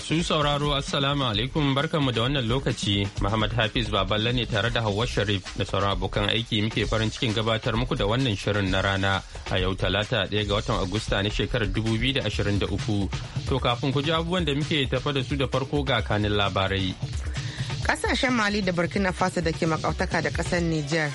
Masu sauraro Assalamu alaikum barkanmu da wannan lokaci Muhammad Hafiz Baballe ne tare da Hauwa Sharif da sauran abokan aiki muke farin cikin gabatar muku da wannan shirin na rana a yau talata ɗaya ga watan Agusta na shekarar 2023. To kafin ku ji abubuwan da muke tafa da su da farko ga kanin labarai. Kasashen Mali da Burkina Faso da ke makautaka da ƙasar niger.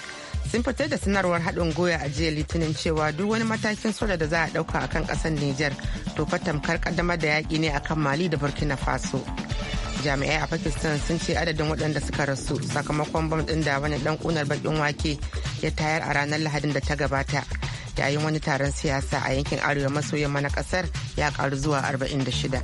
sun fitar da sanarwar haɗin goya a jiya litinin cewa duk wani matakin soja da za a ɗauka a kan ƙasar Nijar to tamkar kaddamar da yaƙi ne a kan Mali da Burkina Faso. Jami'ai a Pakistan sun ce adadin waɗanda suka rasu sakamakon bam ɗin da wani ɗan ƙunar baƙin wake ya tayar a ranar Lahadin da ta gabata. Yayin wani taron siyasa a yankin arewa maso yamma na ƙasar ya ƙaru zuwa 46.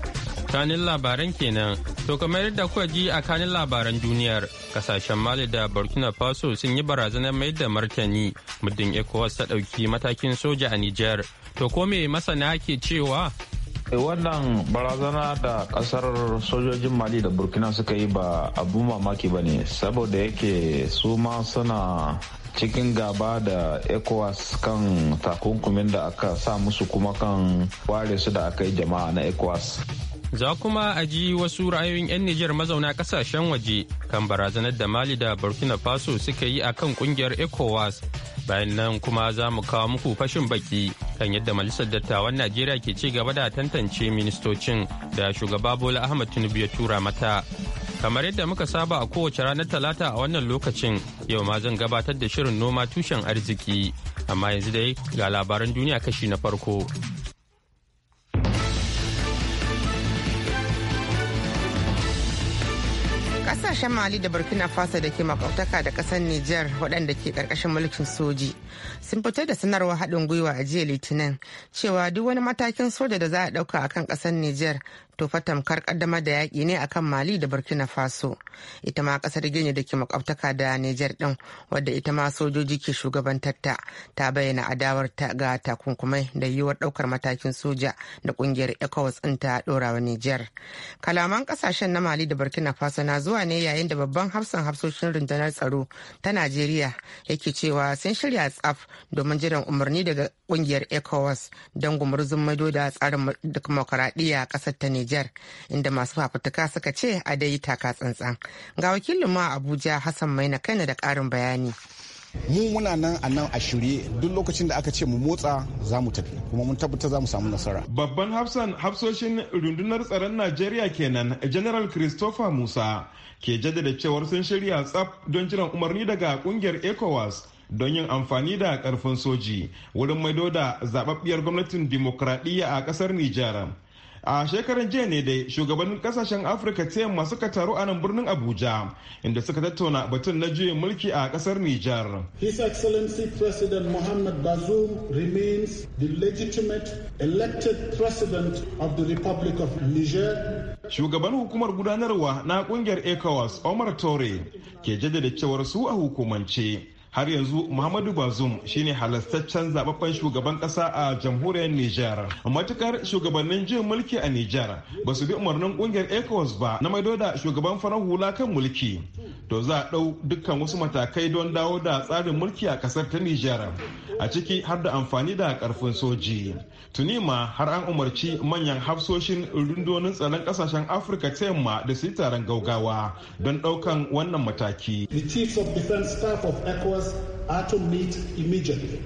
kanin labaran kenan to kamar yadda kuka ji a kanin labaran duniyar kasashen mali da burkina faso sun yi barazanar mai da martani muddin ecowas ta dauki matakin soja a niger to ko me masana ke cewa eh, wannan barazana da kasar sojojin mali da burkina suka yi ba abu mamaki ba ne saboda yake su ma suna cikin gaba da ecowas kan takunkumin da aka sa musu kuma kan ware su da aka yi jama'a na ecowas Za kuma a ji wasu ra'ayoyin 'yan Nijar mazauna kasashen waje kan barazanar da Mali da Burkina Faso suka yi a kan kungiyar ECOWAS. Bayan nan kuma za mu kawo muku fashin baki kan yadda Majalisar Dattawan Najeriya ke ci gaba da tantance ministocin da shugaba Bola Ahmed Tinubu ya tura mata. Kamar yadda muka saba a kowace ranar Talata a wannan lokacin yau ma zan gabatar da shirin noma tushen arziki. Amma yanzu dai ga labaran duniya kashi na farko. kasashen mali da burkina faso da ke makautaka da kasar Nijar waɗanda ke ƙarƙashin mulkin soji sun fitar da sanarwar haɗin gwiwa a jiya litinin cewa duk wani matakin soja da za a ɗauka a kan ƙasar niger wato fatamkar kaddamar da yaƙi ne akan mali da burkina faso ita ma ƙasar gini da ke makwabtaka da niger ɗin wadda ita ma sojoji ke shugabantarta ta bayyana adawar ta ga takunkumai da yiwuwar ɗaukar matakin soja da ƙungiyar ecowas ɗin ta ɗorawa niger kalaman ƙasashen na mali da burkina faso na zuwa ne yayin da babban hafsan hafsoshin rundunar tsaro ta najeriya yake cewa sun shirya tsaf domin jiran umarni daga ƙungiyar ecowas don gumurzun maido da tsarin demokaradiyya a ƙasar ta niger Nijar inda masu fafutuka suka ce a dai taka tsantsan. Ga wakilin ma Abuja Hassan Maina Kaina da karin bayani. mu muna nan a nan a shirye duk lokacin da aka ce mu motsa za mu tafi kuma mun tabbata za mu samu nasara babban hafsan hafsoshin rundunar tsaron najeriya kenan general christopher musa ke jaddada cewar sun shirya tsaf don jiran umarni daga kungiyar ecowas don yin amfani da karfin soji wurin maido da zababbiyar gwamnatin dimokuraɗiyya a kasar nijar a shekaran jiya ne dai shugabannin kasashen afirka ta yamma suka taru a nan birnin abuja inda suka tattauna batun na juyin mulki a kasar nijar his excellency president mohammed bazoum remains the legitimate elected president of the republic of niger shugaban hukumar gudanarwa na kungiyar ecowas omar tore ke jaddada cewar su a hukumance har yanzu muhammadu bazum shine halastaccen zababben shugaban kasa a jamhuriyar niger matukar shugabannin jin mulki a niger ba su bi umarnin kungiyar ecowas ba na maido da shugaban farar hula kan mulki to za a ɗau dukkan wasu matakai don dawo da tsarin mulki a kasar ta niger a ciki har da amfani da karfin soji tuni ma har an umarci manyan hafsoshin rundunonin tsaron kasashen afirka ta yamma da su yi taron gaugawa don daukan wannan mataki the chiefs of defense staff of ecowas are to meet immediately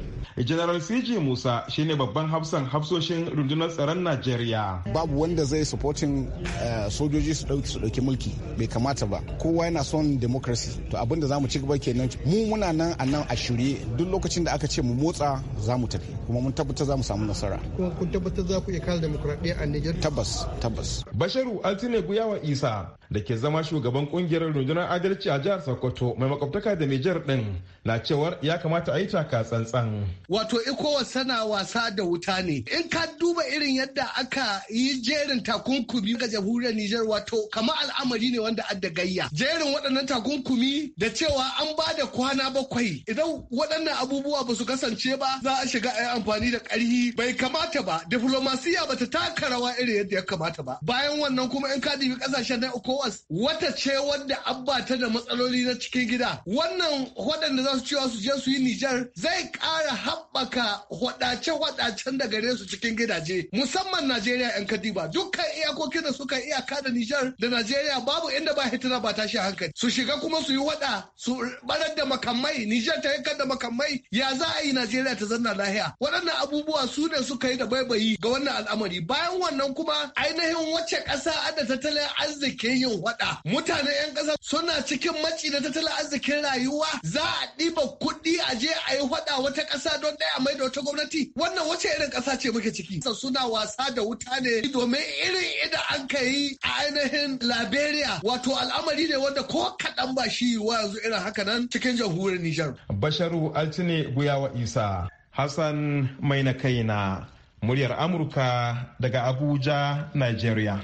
general cj musa shine babban hafsan hafsoshin rundunar tsaron najeriya babu wanda zai supportin eh, sojoji su dauki mulki bai kamata ba kowa yana son democracy to abin da zamu ci gaba kenan mu muna nan a nan a shirye duk lokacin da aka ce mu motsa za mu tafi kuma mun tabbatar za mu samu nasara kuma kun tabbatar za ku iya kare demokradiyya a Niger tabbas tabbas basharu altine guyawa isa da ke zama shugaban kungiyar rundunar adalci a jihar sokoto mai makwabtaka da Niger din na cewar ya kamata a yi taka tsantsan wato Iko tana wasa da wuta ne. In ka duba irin yadda aka yi jerin takunkumi ga jamhuriyar Nijar wato kama al'amari ne wanda adda gayya. Jerin waɗannan takunkumi da cewa an ba da kwana bakwai idan waɗannan abubuwa ba su kasance ba za a shiga a yi amfani da ƙarhi bai kamata ba. Diflomasiya ba ta taka rawa irin yadda ya kamata ba. Bayan wannan kuma in ka dubi ƙasashen na ECOWAS wata ce wadda abba ta da matsaloli na cikin gida. Wannan waɗanda za su cewa su je su yi Nijar zai ƙara haɓaka waɗace-waɗacen da gare su cikin gidaje musamman Najeriya 'yan Kadiba dukkan iyakokin da suka iyaka da Nijar da Najeriya babu inda ba hitina ba tashi hankali su shiga kuma su yi wada su barar da makamai Nijar ta yankar da makamai ya za a yi Najeriya ta zanna lahiya waɗannan abubuwa su ne suka yi da baibayi ga wannan al'amari bayan wannan kuma ainihin wacce ƙasa da tattalin arzikin yin waɗa. Mutanen 'yan ƙasa suna cikin maci da tattalin arzikin rayuwa za a ɗiba kuɗi a je a yi waɗa wata ƙasa don ɗaya mai da wata gwamnati wannan wace irin kasa ce muke ciki suna wasa da wuta ne domin irin idan an ka yi a ainihin liberia wato al'amari ne wanda ko kaɗan ba shi wa yanzu irin haka nan cikin jamhuriyar nijar basharu altine guyawa isa hassan mai na kaina muryar amurka daga abuja nigeria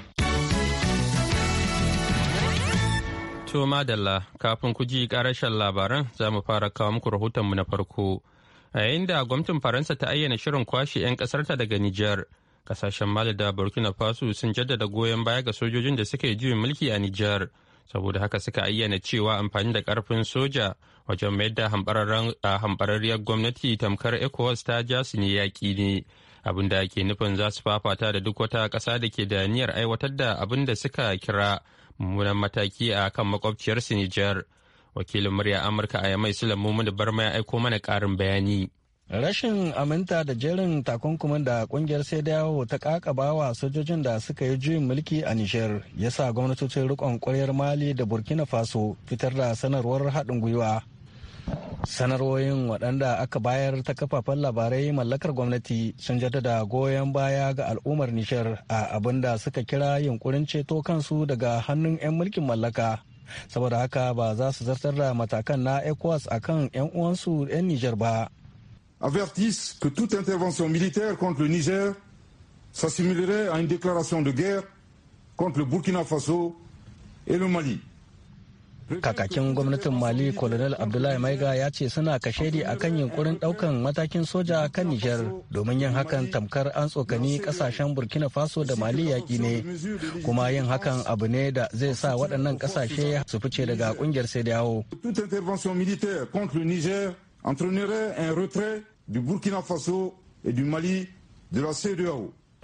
To Madalla, kafin ku ji ƙarashen labaran za mu fara kawo muku rahotonmu na farko. a yayin da gwamnatin faransa ta ayyana shirin kwashe 'yan kasarta daga nijar kasashen mali da burkina faso sun jaddada goyon baya ga sojojin da suke juyin mulki a nijar saboda haka suka ayyana cewa amfani da karfin soja wajen mayar da hambararriyar gwamnati tamkar ecowas ta ja su ne yaƙi ne abin da ke nufin za su fafata da duk wata ƙasa da ke da niyyar aiwatar da abin da suka kira mummunan mataki a kan makwabciyarsu nijar wakilin murya amurka a yamai bar ma ya aiko mana karin bayani rashin aminta da jerin takunkumin da kungiyar sai yawo ta bawa sojojin da suka yi juyin mulki a nijar ya sa gwamnatocin rikon kwaryar mali da burkina faso fitar da sanarwar haɗin gwiwa sanarwoyin waɗanda aka bayar ta kafafen labarai mallakar gwamnati sun jaddada goyon baya ga al'ummar nishar a abin da suka kira yunkurin ceto kansu daga hannun 'yan mulkin mallaka avertissent que toute intervention militaire contre le Niger s'assimilerait à une déclaration de guerre contre le Burkina Faso et le Mali. kakakin gwamnatin mali colonel abdullahi maiga ya ce suna kashedi a kan yunkurin daukan matakin soja kan nijar domin yin hakan tamkar an tsokani kasashen burkina faso da mali yaƙi ne kuma yin hakan abu ne da zai sa waɗannan kasashe su fice daga ƙungiyar sai da yawo du burkina faso et mali de la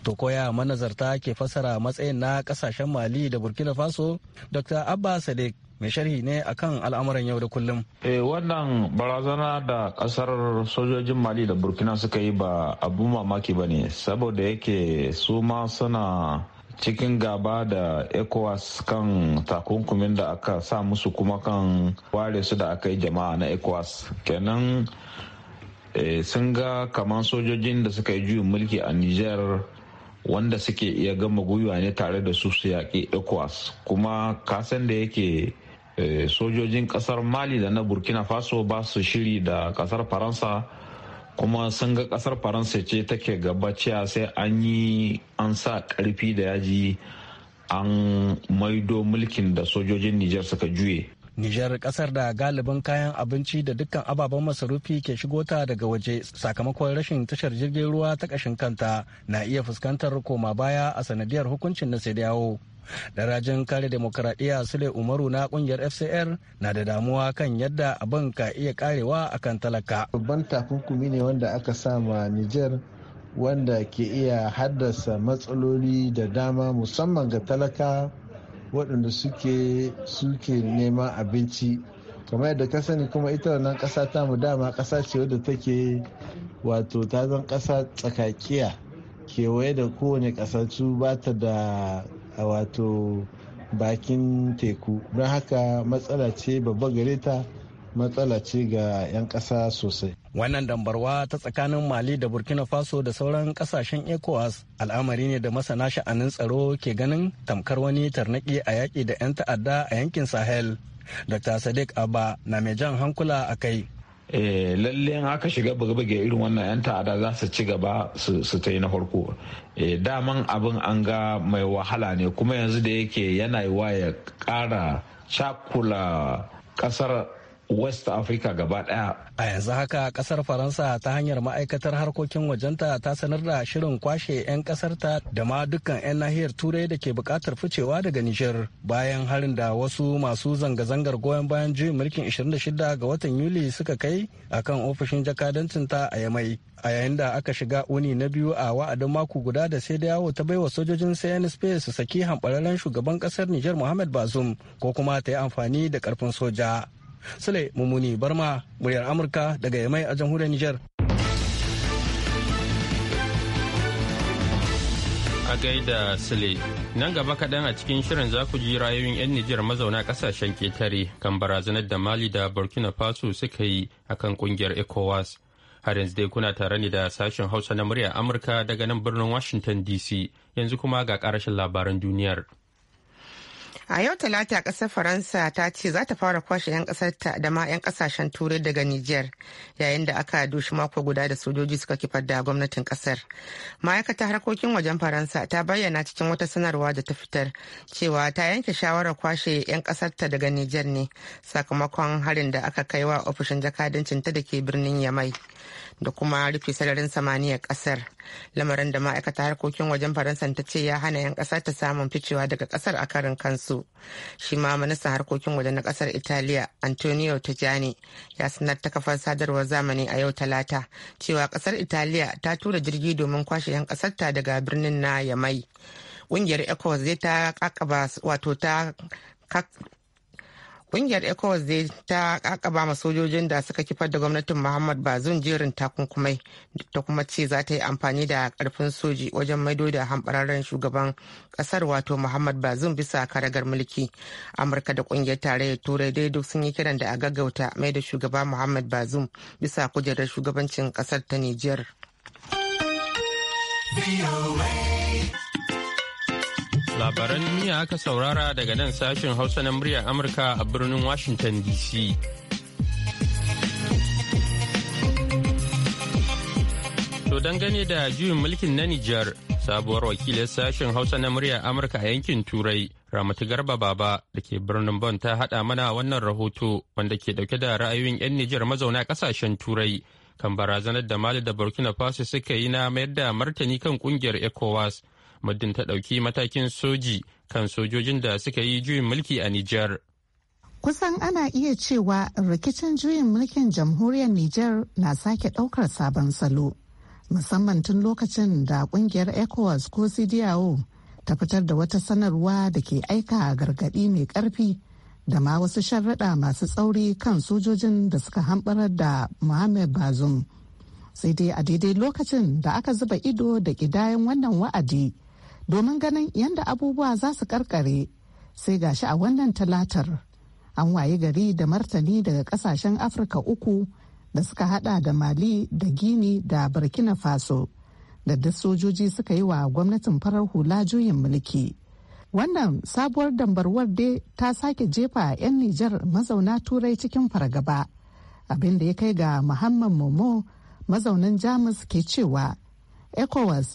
To koya manazarta ke fasara matsayin na kasashen Mali da Burkina Faso, Dr. Abba Sadiq mai sharhi ne akan al'amuran yau da kullum. Eh wannan barazana da kasar sojojin Mali da Burkina suka yi ba abu mamaki ba ne saboda yake su ma suna cikin gaba da ECOWAS kan takunkumin da aka sa musu kuma kan ware su da aka yi jama'a na ECOWAS kenan eh, sun ga kamar sojojin da suka yi juyin mulki a Niger wanda suke iya gama gwiwa ne tare da su su yaƙi ECOWAS kuma kasan da yake Eh, sojojin kasar mali da na burkina faso ba su shiri da kasar faransa kuma sun ga kasar faransa ce take gabaciya sai an yi an sa karfi da yaji an maido mulkin da sojojin niger suka juye Nijar kasar da galibin kayan abinci da dukkan ababen masarufi ke shigo ta daga waje sakamakon rashin tashar jirgin ruwa ta kashin kanta na iya fuskantar koma baya a sanadiyar hukuncin na sai yawo Darajin kare demokaradiyya Sule Umaru na kungiyar FCR na da damuwa kan yadda abin ka iya karewa akan talaka. Babban takunkumi ne wanda aka sama Nijar wanda ke iya haddasa matsaloli da dama musamman ga talaka waɗanda suke suke neman abinci kamar yadda ka sani kuma ita wannan ƙasa ta mu dama ƙasa ce wadda take wato ta zan ƙasa tsakakiya kewaye da kowane ƙasashe ba ta da a wato bakin teku don haka matsala ce babba gare ta matsala ce ga 'yan ƙasa sosai wannan dambarwa ta tsakanin mali da burkina faso da sauran kasashen ecowas al'amari ne da masana sha'anin tsaro ke ganin tamkar wani tarnaki a yaƙi da 'yan ta'adda a yankin sahel dr sadiq abba na mai jan hankula a kai Eh, lalle in aka shiga buge-buge irin wannan 'yan ta'ada za su ci gaba su ta yi na farko eh, daman abin an ga mai wahala ne kuma yanzu da yake yana yi ya kara cakula kasar west africa gaba daya a yanzu haka kasar faransa ta hanyar ma'aikatar harkokin wajenta ta sanar da shirin kwashe 'yan kasarta da ma dukkan 'yan nahiyar turai da ke bukatar ficewa daga nijar bayan harin da wasu masu zanga-zangar goyon bayan juyin mulkin 26 ga watan yuli suka kai a kan ofishin jakadancin ta a yamai a yayin da aka shiga uni na biyu a wa'adin mako guda da sai da yawo ta baiwa sojojin cnsp su saki hambararren shugaban kasar nijar muhammad bazum ko kuma ta yi amfani da karfin soja Sule Mumuni Barma muryar Amurka daga Yamai a jamhuriyar Nijar. A gaida Sule, nan gaba kaɗan a cikin shirin za ku ji rayoyin 'yan Nijar mazauna ƙasashen ƙetare kan barazanar da Mali da Burkina Faso suka yi a kan ƙungiyar ECOWAS. Har yanzu dai kuna tare ne da sashen Hausa na muryar Amurka daga nan birnin Washington DC, yanzu kuma ga ƙarashin labaran duniyar. A yau talata kasar Faransa ta ce za ta fara kwashe 'yan ƙasarta da ma 'yan kasashen turai daga Nijar yayin da aka doshi mako guda da sojoji suka kifar da gwamnatin kasar. Ma'aikatar harkokin wajen Faransa ta bayyana cikin wata sanarwa da ta fitar cewa ta yanke shawarar kwashe 'yan ƙasarta daga Nijar ne sakamakon harin da aka kai wa ofishin jakadancin ta da ke birnin Yamai. da kuma rufe sararin samaniyar kasar lamarin da ma'aikata harkokin wajen faransa ta ce ya hana 'yan kasar ta samun ficewa daga kasar a karin kansu shi ma ministan harkokin waje na kasar italiya antonio tajani ya sanar ta kafar sadarwar zamani a yau talata cewa kasar italiya ta tura jirgi domin kwashe 'yan kasarta daga birnin na yamai ƙungiyar ecowas zai ta kakaba wato ta Kungiyar ECOWAS dai ta kakaba ma sojojin da suka kifar da gwamnatin Muhammad Bazum jerin takunkumai ta kuma ce za ta yi amfani da karfin soji wajen maido da hambararren shugaban kasar wato Muhammad Bazum bisa karagar mulki. Amurka da kungiyar tarayyar Turai dai duk sun yi kiran da a gaggauta mai da shugaba Muhammad Bazum bisa kujerar shugabancin kasar ta Nijar. Labaran duniya aka saurara daga nan sashen Hausa na muryar Amurka a birnin Washington DC. To dangane da juyin mulkin na Nijar, sabuwar wakilin sashen Hausa na muryar Amurka a yankin Turai, Ramatu Garba Baba da ke birnin Bon ta haɗa mana wannan rahoto wanda ke ɗauke da ra'ayoyin 'yan Nijar mazauna ƙasashen Turai kan barazanar da Mali da Burkina Faso suka yi na mayar da martani kan ƙungiyar ECOWAS. muddin ta ɗauki matakin soji kan sojojin da suka yi juyin mulki a Nijar. Kusan ana iya cewa rikicin juyin mulkin jamhuriyar Nijar na sake ɗaukar sabon salo, musamman tun lokacin da ƙungiyar ECOWAS ko CDAO ta fitar da wata sanarwa da ke aika gargaɗi mai ƙarfi da ma wasu sharaɗa masu tsauri kan sojojin da suka hamɓarar da mohammed Bazoum. Sai dai a daidai lokacin da aka zuba ido da ƙidayen wannan wa'adi. domin ganin yadda abubuwa za su karkare sai gashi a wannan talatar an waye gari da martani daga kasashen afirka uku da suka hada da mali da gini da burkina faso da duk sojoji suka yi wa gwamnatin farar hula juyin mulki wannan sabuwar dambarwar dai ta sake jefa 'yan nijar mazauna turai cikin fargaba abin da ya kai ga muhammad momo mazaunin jamus ke cewa ecowas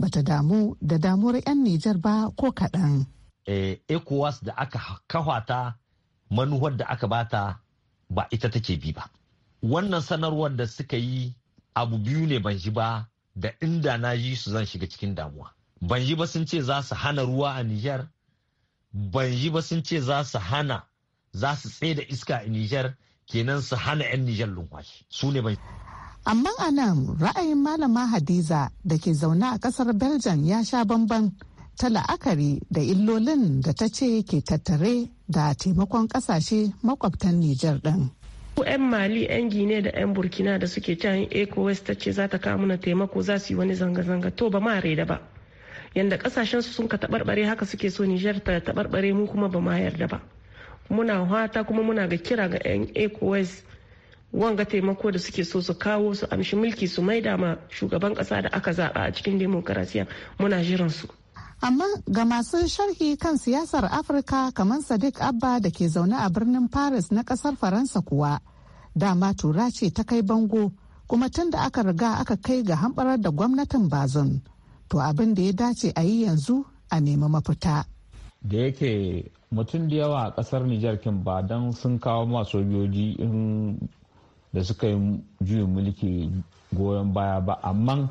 bata damu da damuwar 'yan Nijar ba ko kaɗan. Eh, ECOWAS da aka kawata manuwar da aka bata ba ita take bi ba. Wannan sanarwar da suka yi abu biyu ne ban ji ba da inda na ji su zan shiga cikin damuwa. Ban ji ba sun ce za su hana ruwa a Nijar, ban ji ba sun ce za su hana za su tsaye da iska a Nijar kenan su hana 'yan Nijar lumfashi. Su ne ban amma a nan ra'ayin malama hadiza da ke zaune a kasar belgium ya sha bamban ta la'akari da illolin da ta ce ke tattare da taimakon kasashe makwabtan nijar ɗin. 'yan mali 'yan gine da 'yan burkina da suke can ecowas ta ce za ta kawo mana taimako za su yi wani zanga-zanga to ba ma reda ba yanda kasashen su sun ka taɓarɓare haka suke so nijar ta taɓarɓare mu kuma ba ma yarda ba muna hata kuma muna ga kira ga 'yan ecowas wanga taimako da suke so su kawo su amshi mulki su maida ma shugaban kasa da aka zaba a cikin demokarasiya muna jiran su amma ga masu sharhi kan siyasar afirka kamar sadiq abba da ke zaune a birnin paris na kasar faransa kuwa dama tura ce ta kai bango kuma tun da aka riga aka kai ga hamɓarar da gwamnatin bazon to abin da ya dace a yi yanzu a nemi mafita da yake mutum da yawa a kasar nijar kin ba don sun kawo masu sojoji in da suka yi juyin mulki goyon baya ba amma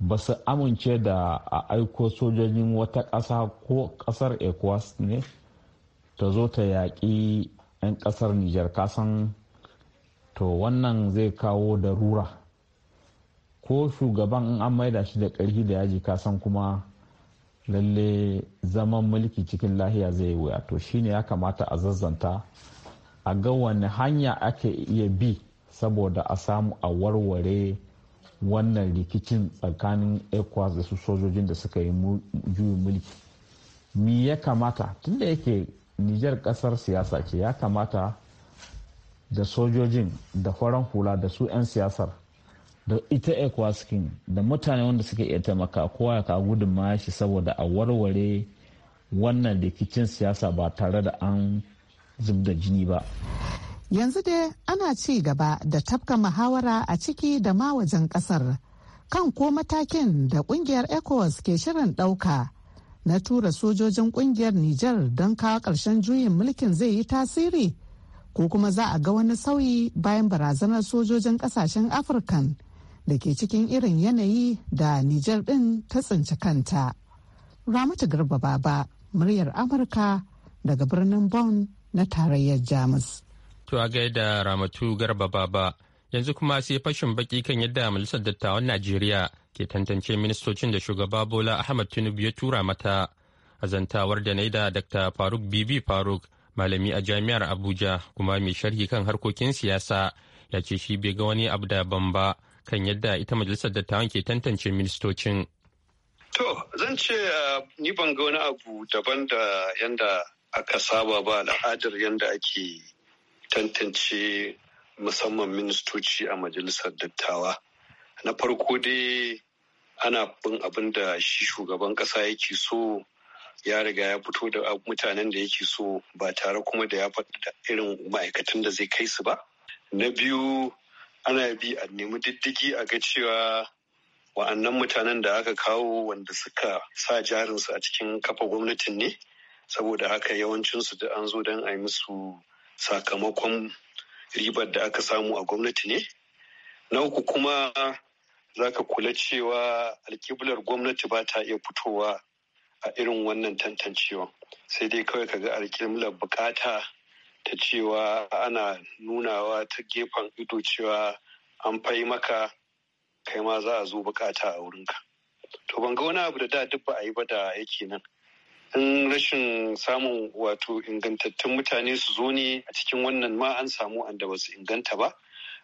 ba su amince da a aiko sojojin wata ƙasa ko ƙasar ecowas ne ta zo ta yaƙi 'yan ƙasar nijar kasan to wannan zai kawo da rura ko shugaban in an maida shi da ƙarfi da yaji kasan kuma lalle zaman mulki cikin lahiya zai yi wuya to shine ya kamata a zazzanta a ga wani hanya ake iya bi saboda a samu a warware wannan rikicin tsakanin ecowas da su sojojin da suka yi juyin mulki mi ya kamata tunda yake nijar kasar siyasa ce ya kamata da sojojin da faran hula da su 'yan siyasar da ita ecowas da mutane wanda suka iya taimaka kowa ya ka gudun shi saboda a warware wannan rikicin siyasa ba tare da an zub jini ba yanzu dai ana ci gaba da tafka muhawara a ciki da ma wajen kasar kan ko matakin da kungiyar ecowas ke shirin ɗauka na tura sojojin kungiyar nijar don kawo ƙarshen juyin mulkin zai yi tasiri ko kuma za a ga wani sauyi bayan barazanar sojojin ƙasashen afirkan da ke cikin irin yanayi da nijar ɗin ta tsinci kanta ramatu garba baba muryar amurka daga birnin bonn na tarayyar Jamus. To a gaida Ramatu Garba Baba yanzu kuma sai fashin baki kan yadda Majalisar Dattawan Najeriya ke tantance ministocin da shugaba Bola Ahmad Tinubu ya tura mata. Azantawar da na da Dr. Faruk Bibi Faruk malami a jami'ar Abuja kuma mai sharhi kan harkokin siyasa ya ce shi bai ga wani abu da ban ba kan yadda ita Majalisar Dattawan ke tantance ministocin. To, zan ce eh, ni ban ga wani abu daban da yanda aka saba ba al'adar yadda ake tantance musamman ministoci a majalisar dattawa na farko dai ana bin abin da shi shugaban ƙasa yake so ya riga ya fito da mutanen da yake so ba tare kuma da ya faɗi da irin ma'aikatan da zai kai su ba na biyu ana bi a nemi diddigi a ga cewa wa'annan mutanen da aka kawo wanda suka sa jarinsu a cikin kafa gwamnatin ne saboda haka yawancinsu da an zo don a yi musu sakamakon ribar da aka samu a gwamnati ne na uku kuma za ka kula cewa alkiblar gwamnati ba ta iya fitowa a irin wannan tantancewa sai dai kawai ka ga alkiblar bukata ta cewa ana nunawa ta gefen ido cewa an fai maka kai ma za a zo bukata a wurinka to ban ga wani abu da da duk ba a yi ba da yake nan an rashin samun wato ingantattun mutane su zo ne a cikin wannan ma an samu anda ba su inganta ba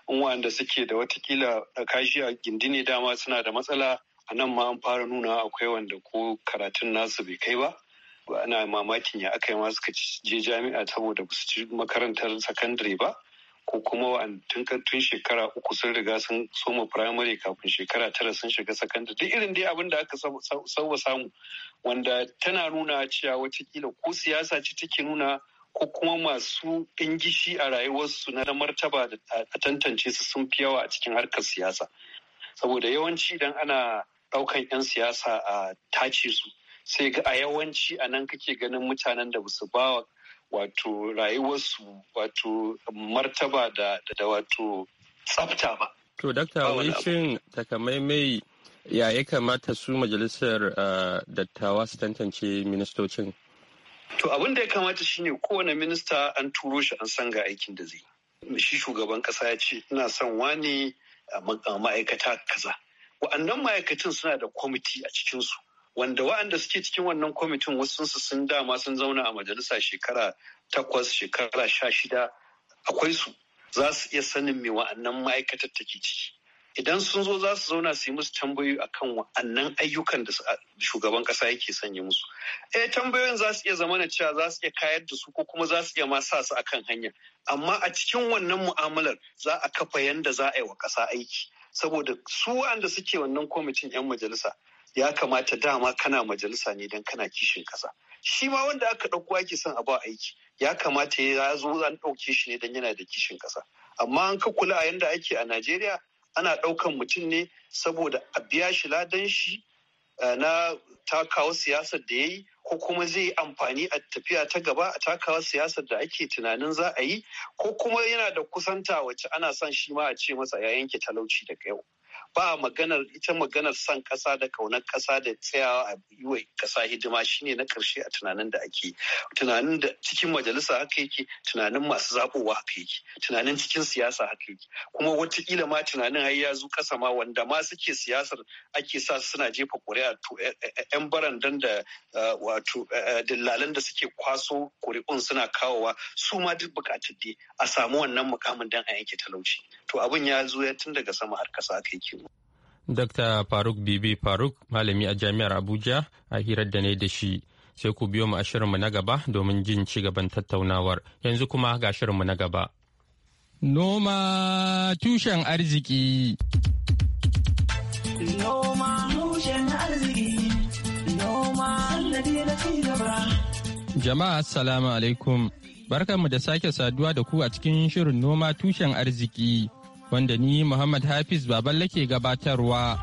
in wa'anda suke da watakila kashi a gindini dama suna da matsala a nan ma an fara nuna akwai wanda ko karatun nasu bai kai ba ana mamakin ya aka yi ma suka je jami'a saboda ba su ci makarantar sakandare ba ko kuma wa'antun tun shekara uku sun riga sun soma firamare kafin shekara tara sun shiga sakandare duk irin dai abin da aka sauwa samu wanda tana nuna cewa watakila ko siyasa ce take nuna ko kuma masu ingishi a rayuwarsu na martaba da a tantance su sun fi yawa a cikin harkar siyasa saboda yawanci idan ana daukan 'yan siyasa a tace su sai ga a yawanci a nan kake ganin mutanen da ba su ba wato rayuwarsu wato martaba da, da wato tsafta ba. To, dokta wai shin takamaimai ya ya kamata su majalisar eh, dattawa su tantance ministocin? To, abin da ya kamata shine kowane minista an turo shi an san ga aikin da zai. Shi shugaban kasa ya ce, ina son wani eh, ma'aikata kaza. Wa'annan ma'aikatan suna da kwamiti a cikinsu. wanda wa'anda suke cikin wannan kwamitin wasu sun dama sun zauna a majalisa shekara takwas shekara sha shida akwai su za su iya sanin me wa'annan ma'aikatar take ciki idan sun zo za su zauna su yi musu tambayoyi akan wa'annan ayyukan da shugaban kasa yake sanya musu eh tambayoyin za su iya zama na cewa za su iya kayar da su ko kuma za su iya ma sa su akan hanya amma a cikin wannan mu'amalar za a kafa yanda za a yi wa kasa aiki saboda su wa'anda suke wannan kwamitin 'yan majalisa ya kamata dama kana majalisa ne don kana kishin kasa shi ma wanda aka ɗauko ake son a ba aiki ya kamata ya zo an ɗauke shi ne don yana da kishin kasa amma an ka kula a yanda ake a najeriya ana ɗaukan mutum ne saboda a biya shi ladan shi eh, na takawa siyasar da ya yi ko kuma zai yi amfani a tafiya ta gaba a takawa siyasar da ake tunanin za a yi ko kuma yana da kusanta wacce ana son shi ma a ce masa ya yanke talauci daga yau ba maganar ita maganar son ƙasa da kaunar ƙasa da tsayawa a yi wa ƙasa hidima shine na ƙarshe a tunanin da ake tunanin da cikin majalisa haka yake tunanin masu zaɓowa haka yake tunanin cikin siyasa haka yake kuma wataƙila ma tunanin har ya zo ƙasa ma wanda ma suke siyasar ake sa suna jefa ƙuri'a to yan eh, eh, eh, barandan da wato dillalan da suke kwaso ƙuri'un suna kawowa su ma duk buƙatar dai a samu wannan mukamin dan a yanke talauci to abin ya zo ya tun daga sama har kasa kai kiwo. Dr. Faruk Bibi Faruk malami a jami'ar Abuja a hirar da ne da shi. Sai ku biyo mu a shirinmu na gaba domin jin ci gaban tattaunawar. Yanzu kuma ga shirinmu na gaba. Noma tushen arziki. Jama'a assalamu alaikum. Barkanmu da sake saduwa da ku a cikin shirin noma tushen arziki wanda ni Muhammad Hafiz Baballe lake gabatarwa.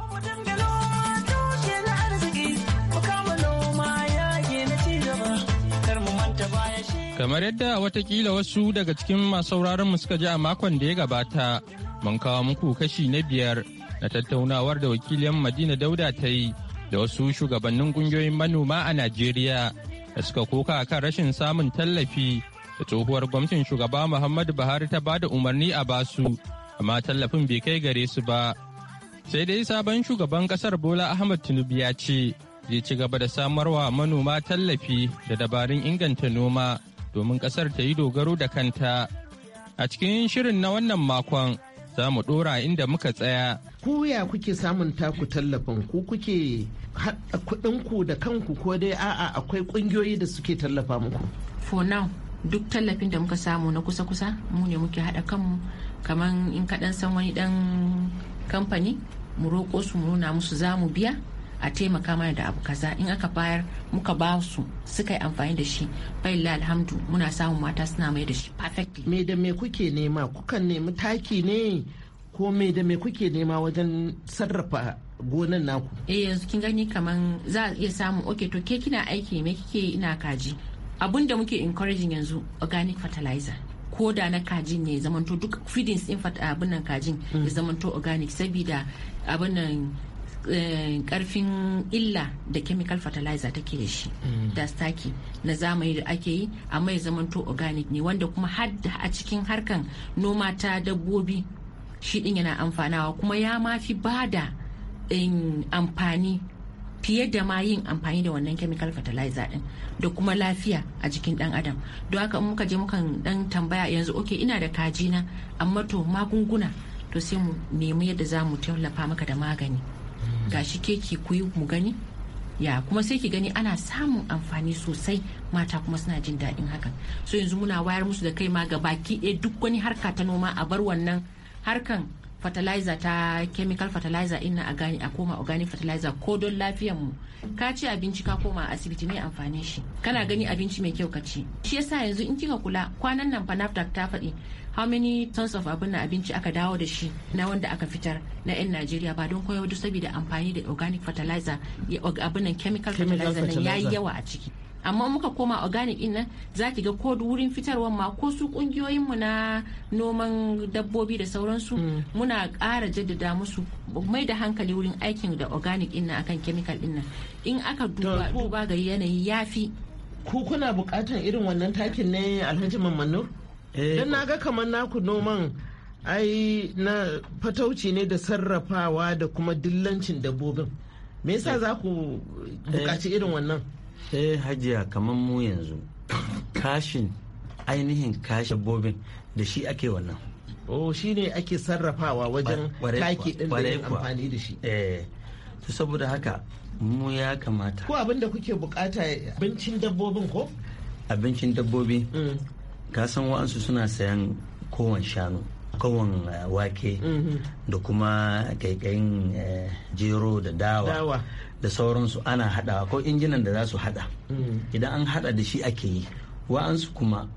Kamar yadda watakila wasu daga cikin masu mu suka ji a makon da ya gabata, mun kawo muku kashi na biyar na tattaunawar da wakilin Madina Dauda ta yi da wasu shugabannin kungiyoyin manoma a Najeriya da suka koka kan rashin samun tallafi da tsohuwar gwamnatin shugaba Muhammadu Buhari ta ba da umarni a basu amma tallafin bai kai gare su ba sai dai sabon shugaban kasar bola ahmad tinubu ya ce zai ci gaba da samarwa manoma tallafi da dabarun inganta noma domin kasar ta yi dogaro da kanta a cikin shirin na wannan makon za mu dora inda muka tsaya ku ya kuke samun taku tallafin ku kuke haɗa kuɗinku da kanku ko dai a'a akwai ƙungiyoyi da suke tallafa muku for now duk tallafin da muka samu na kusa-kusa mu ne muke haɗa kanmu kamar in kaɗan san wani ɗan kamfani mu roƙo su mu nuna musu za mu biya a taimaka mana da abu kaza in aka bayar muka ba su suka yi amfani da shi bai alhamdu muna samun mata suna mai da shi perfectly me da me kuke nema kukan nemi taki ne ko me da me kuke nema wajen sarrafa gonan naku eh yanzu kin gani kaman za a iya samu oke to ke kina aiki me kike ina kaji abun da muke encouraging yanzu organic fertilizer ko da na kajin ne zamanto duk feedings din abin nan kajin ya mm. zamanto organic saboda abin nan eh, karfin illa da chemical fertilizer take da shi mm. da staki na zamani da ake yi amma ya zamanto organic ne wanda kuma hadda a cikin harkan noma ta dabbobi shi din yana amfanawa kuma ya mafi bada eh, amfani fiye da ma yin amfani da wannan chemical fertilizer din da kuma lafiya a jikin dan adam don haka muka je mukan dan tambaya yanzu oke ina da kaji na amma to magunguna to sai mu nemi yadda za mu tallafa maka da magani hmm. gashi keki ku yi mu gani ya kuma sai ki gani ana samun amfani sosai mata kuma suna jin daɗin hakan so yanzu muna wayar musu da kai ma ga baki ɗaya duk wani harka ta noma a bar wannan harkan fertilizer ta chemical fertilizer ina a gani a koma organic fertilizer ko don lafiyar mu ka ci abinci ka koma asibiti ne amfani shi kana gani abinci mai kyau ka ci shi yasa yanzu in kika kula kwanan nan panaftac ta faɗi how many tons of abin na abinci aka dawo da shi na wanda aka fitar na yan Najeriya ba don koyo duk saboda amfani da organic fertilizer abin nan chemical, chemical fertilizer, yayi yawa a ciki amma muka koma organic din nan za ga ko wurin fitarwar ma ko su kungiyoyin mu na noman dabbobi da sauransu mm. muna ƙara jaddada musu mai da hankali wurin aikin da organic din nan akan chemical din nan in aka duba duba ga yanayi yafi ku kuna buƙatar irin wannan takin ne alhaji mamannu. Eh, don naga kamar naku noman ai na fatauci ne da sarrafawa da kuma dillancin dabbobin me yasa eh. za ku buƙaci irin wannan eh hajiya kamar mu yanzu kashin ainihin kashin dabbobin da shi ake wannan oh shi ne ake sarrafawa wajen taki din da yin amfani da shi eh saboda haka mu ya kamata ko abinda kuke bukata abincin dabbobin ko abincin dabbobi mm. ka san wa'ansu suna sayan kowan shanu kowan eh, wake mm-hmm. da kuma kaikayin eh, jero da dawa da sauransu ana haɗawa ko injinan da za su haɗa mm. idan an haɗa da shi ake yi wa'ansu kuma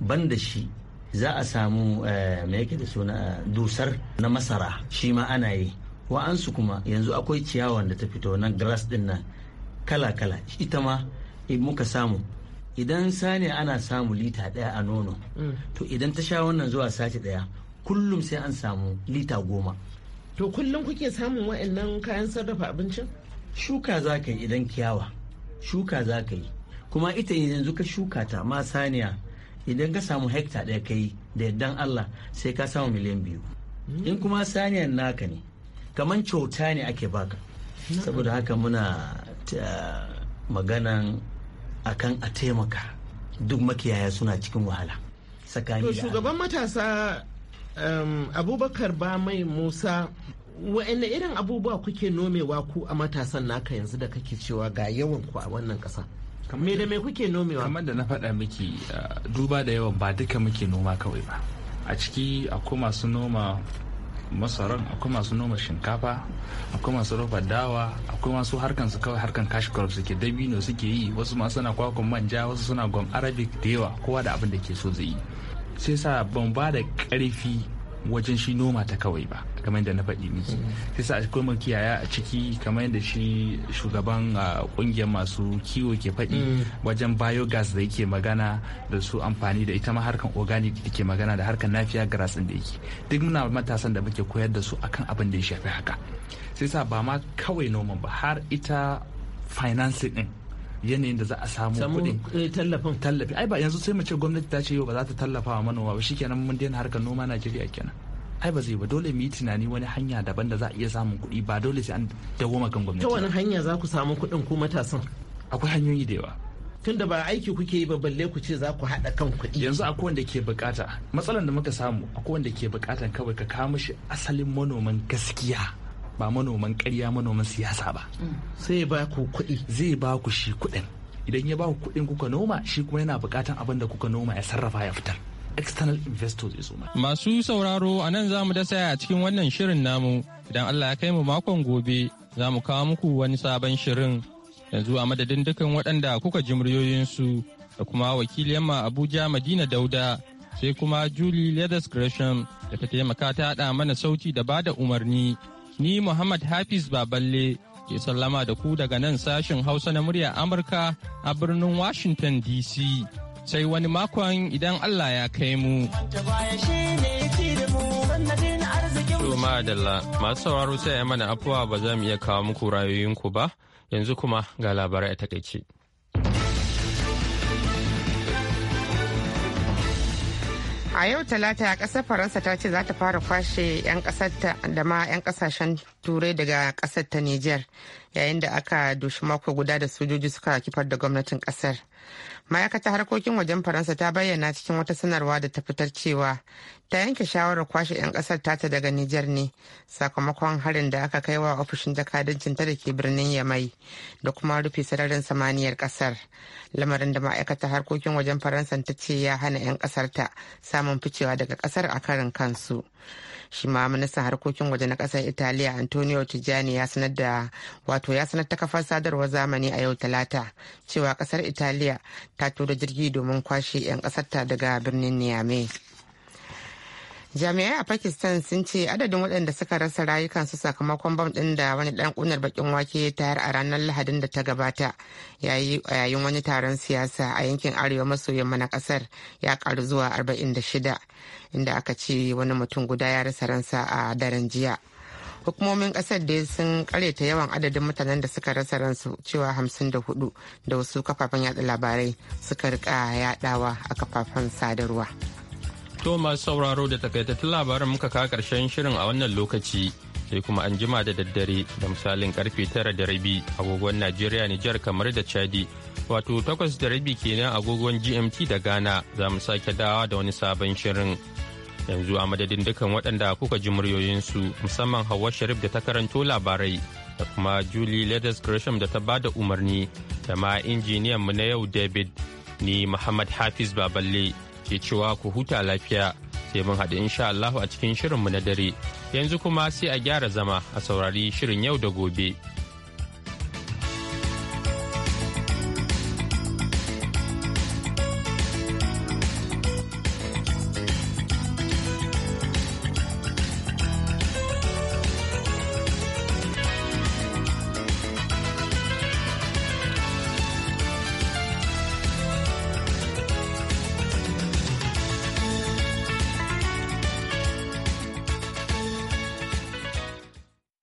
ban da shi za a samu eh, mai yake da suna eh, dusar na masara shi ma ana yi wa'ansu kuma yanzu akwai ciyawan da ta fito na grass din nan kala-kala ita ma muka samu idan sani ana samu lita ɗaya a nono mm. to idan ta sha wannan zuwa sati ɗaya kullum sai an samu lita goma to kullum kuke samun wa'annan kayan sarrafa abincin shuka za ka yi idan kiyawa shuka za ka yi kuma ita yanzu ka shuka ta ma saniya idan ka samu hekta ɗaya ka yi da yardan Allah sai ka samu miliyan biyu in kuma saniyan naka ne kamar kyauta ne ake baka saboda haka muna maganan akan a taimaka duk makiyaya suna cikin wahala tsakani shugaban matasa um, abubakar ba mai musa wa'anne irin abubuwa kuke nomewa ku a matasan naka yanzu da kake cewa ga yawan ku a wannan ƙasa me da me kuke nomewa kamar da na faɗa miki duba da yawan ba duka muke noma kawai ba a ciki akwai masu noma masaran akwai masu noma shinkafa akwai masu roba dawa akwai masu harkan su kawai harkan cash crop suke dabino suke yi wasu masu suna kwakwan manja wasu suna gwam arabic da yawa kowa da abin da ke so zai yi sai sa ban ba da karfi wajen shi noma ta kawai ba kamar yadda na faɗi miki mm-hmm. sai sa akwai makiyaya a ciki kamar yadda shi shugaban kungiyar ah, masu kiwo ke faɗi mm. wajen biogas da yake magana da su amfani da ita ma harkan organic da ke magana da harkan nafiya grass da yake duk muna matasan da muke koyar da su akan abin da ya shafi haka sai sa ba ma kawai noman ba har ita financing din yanayin da za a samu kuɗin eh, tallafin tallafi ai ba yanzu sai mu ce gwamnati ta ce yau ba za ta tallafa wa manoma ba shikenan mun daina harkar noma Najeriya kenan ai ba zai ba dole mu yi tunani wani hanya daban da za a iya samun kuɗi ba dole sai an dawo kan gwamnati ta wani hanya za ku samu kuɗin ku matasan akwai hanyoyi da yawa tun da ba aiki kuke yi ba balle ku ce za ku haɗa kan kuɗi yanzu akwai wanda ke bukata matsalar da muka samu akwai wanda ke bukatan kawai ka kawo mishi asalin manoman gaskiya ba manoman karya manoman siyasa ba mm. sai ya ba ku kuɗi zai ba ku shi kuɗin idan ya ba ku kuɗin kuka noma shi kuma yana buƙatan abin da kuka noma ya sarrafa ya fitar external investors ya zo masu sauraro a nan za mu dasa a cikin wannan shirin namu idan Allah ya kai mu makon gobe za mu kawo muku wani sabon shirin yanzu a madadin dukan waɗanda kuka ji muryoyinsu da kuma wakiliyar ma Abuja Madina Dauda sai kuma Julie Leathers Gresham da ta taimaka ta haɗa mana sauti da bada umarni ni Muhammad Hafiz Baballe ke sallama da ku daga nan sashen Hausa na murya Amurka a birnin Washington DC. Sai wani makon idan Allah ya kai mu. Tuma Adalla, masu sauraro sai mana afuwa ba za mu iya kawo muku rayoyinku ba, yanzu kuma ga labarai a takaice. a yau talata kasar faransa ta ce za ta fara kwashe 'yan kasar da ma 'yan kasashen turai daga kasar ta niger yayin da aka doshi mako guda da sojoji suka kifar da gwamnatin kasar ma'aikatar harkokin wajen faransa ta bayyana cikin wata sanarwa da ta fitar cewa ta yanke shawarar kwashe 'yan kasar tata daga nijar ne sakamakon harin da aka kai wa ofishin jakadancin ta da ke birnin yamai da kuma rufe sararin samaniyar kasar lamarin da ma'aikatar harkokin wajen faransa ta ce ya hana 'yan kasar ta samun ficewa daga kasar a karin kansu shi ma ministan harkokin waje na kasar italiya antonio tijani ya sanar da wato ya sanar ta kafar sadarwar zamani a yau talata cewa kasar italiya ta tura jirgi domin kwashe 'yan ƙasarta daga birnin niamey jami'ai a pakistan sun ce adadin waɗanda suka rasa rayukansu sakamakon bam ɗin da wani ɗan ƙunar bakin wake ya tayar a ranar lahadin da ta gabata yayin wani taron siyasa a yankin arewa maso yamma na ƙasar ya karu zuwa 46 inda aka ce wani mutum guda ya rasa ransa a daren jiya hukumomin kasar da sun karyata yawan adadin mutanen da suka rasa ransu cewa hamsin da hudu da wasu kafafen yada labarai suka rika yadawa a kafafen sadarwa to masu sauraro da takaitattun labaran muka kawo karshen shirin a wannan lokaci sai kuma an jima da daddare da misalin karfe tara da rabi agogon najeriya nijar kamar da chadi wato takwas da rabi kenan agogon gmt da ghana za mu sake dawa da wani sabon shirin yanzu a madadin dukan waɗanda kuka ji muryoyinsu musamman hawa sharif da ta karanto labarai da kuma julie leathers gresham da ta ba da umarni da ma injiniyan mu na yau david ni muhammad hafiz baballe ke cewa ku huta lafiya sai mun haɗu insha allahu a cikin shirin mu na dare yanzu kuma sai a gyara zama a saurari shirin yau da gobe.